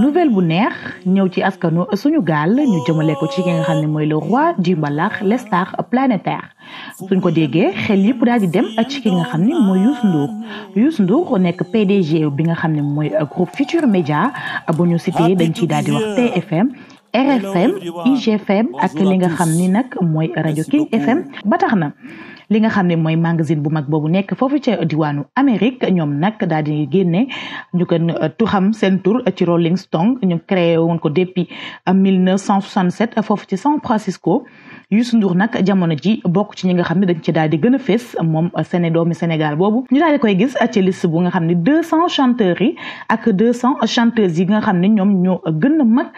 nouvelle bu neex ñëw ci askanu suñu gaal ñu jëmale ko ci ki nga xam ne mooy le roi du mbalax l' star planétaire suñ ko déggee xel yëpp daal di dem ci ki nga xam ne mooy Youssou Ndour Youssou Ndour nekk PDG bi nga xam ne mooy groupe Futur Média bu ñu cité dañ ciy daal di wax TFM RFM IGFM ak li nga xam ni nag mooy rajo King FM batax na. li nga xam ne mooy magasin bu mag boobu nekk foofu ca diwaanu Amérique ñoom nag daal di génne ñu gën euh, tuxam seen tur ci Rolling Stone ñu créé woon ko depuis 1967 euh, foofu ci San Francisco Youssou Ndour nag jamono ji bokk ci ñi nga xam ne dañ ci daal di gën a fees moom séné doomi Sénégal boobu ñu daal di koy gis ci liste bu nga xam ne deux cent chanteurs yi ak deux cent chanteuses yi nga xam ne ñoom ñoo gën a mag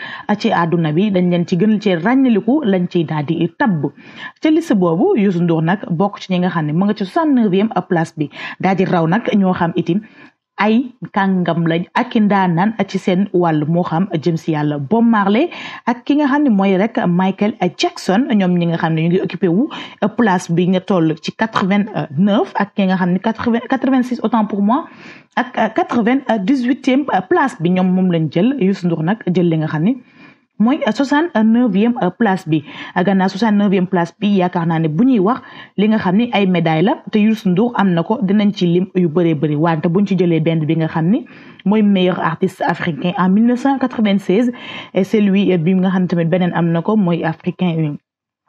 ci àdduna bi dañ leen ci gën ci ràññaliku lañ ciy daal di tabb ci liste boobu Youssou Ndour bokk ci ñi nga xam ne mu nga ci 69e place bi daa di raw nag ñoo xam itim ay kàngam lañ ak ndaanaan ci seen wàll moo xam jëm si yàlla bom Marley ak ki nga xam ne mooy rek Michael Jackson ñoom ñi nga xam ne ñu ngi occupé wu place bi nga toll ci 89 ak ki nga xam ne quatre autant pour moi ak euh, quatre vingt dix euh, place bi ñoom moom lañ jël Youssou Ndour nag jël li nga xam ne moi, soixante e euh, place bi gannaaw soixante e place bi yaakaar ne bu wax li nga médaille la te Ndour am dinañ ci lim yu buñ meilleur artiste africain en 1996 et lui bi nga xamni tamit am africain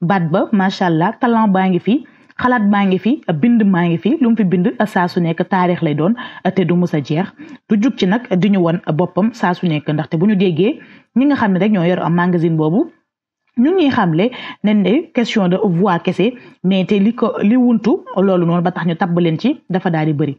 baat ba macha allah talent baa ngi fi xalaat maa ngi fi bind maa ngi fi lu fi bind saa su nekk taarix lay doon te du mus a jeex du jug ci nag di ñu won boppam saa su nekk ndaxte bu ñu déggee ñi nga xam ne rek ñoo yor magasin boobu ñu ngi xamle ne ne question de voix kese mais te li ko li wuntu loolu noonu ba tax ñu tabb leen ci dafa daal di bëri.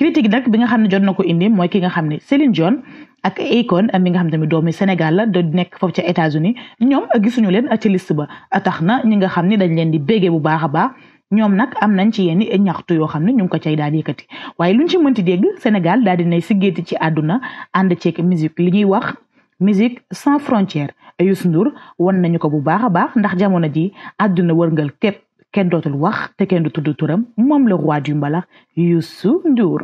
critique nag bi nga xam ne jot na ko indi mooy ki nga xam ne Céline Dion a Akon mi nga xam tamit doomi Sénégal la da nekk foofu ca États-Unis ñoom gisuñu leen ci liste ba tax na ñi nga xam ne dañ leen di béggee bu baax a baax ñoom nag am nañ ci yenn ñaxtu yoo xam ne ñu ngi ko cay daal di yëkkati waaye luñ ci mënti dégg Sénégal daal di nay siggeeti ci àdduna ànd ceeg musique li ñuy wax musique sans frontière Youssou Ndour wan nañu ko bu baax a baax ndax jamono ji àdduna wërngal képp kenn dootul wax te keen du tudd turam moom le roi du mbalax Youssou Ndour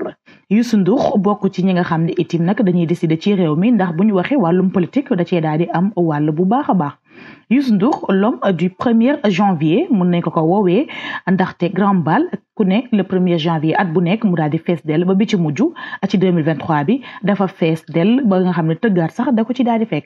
Youssou Ndour bokk ci ñi nga xam ne itim nag dañuy décider ci réew mi ndax bu ñu waxee wàllum politique da cee daal di am wàll bu baax a baax Youssou Ndour l'homme du premier janvier mun nañ ko ko woowee ndaxte grand bal ku ne le premier janvier at bu nekk mu daal di dell ba bi ci mujj ci 2023 bi dafa fees dell ba nga xam ne tëggaat sax da ko ci daal di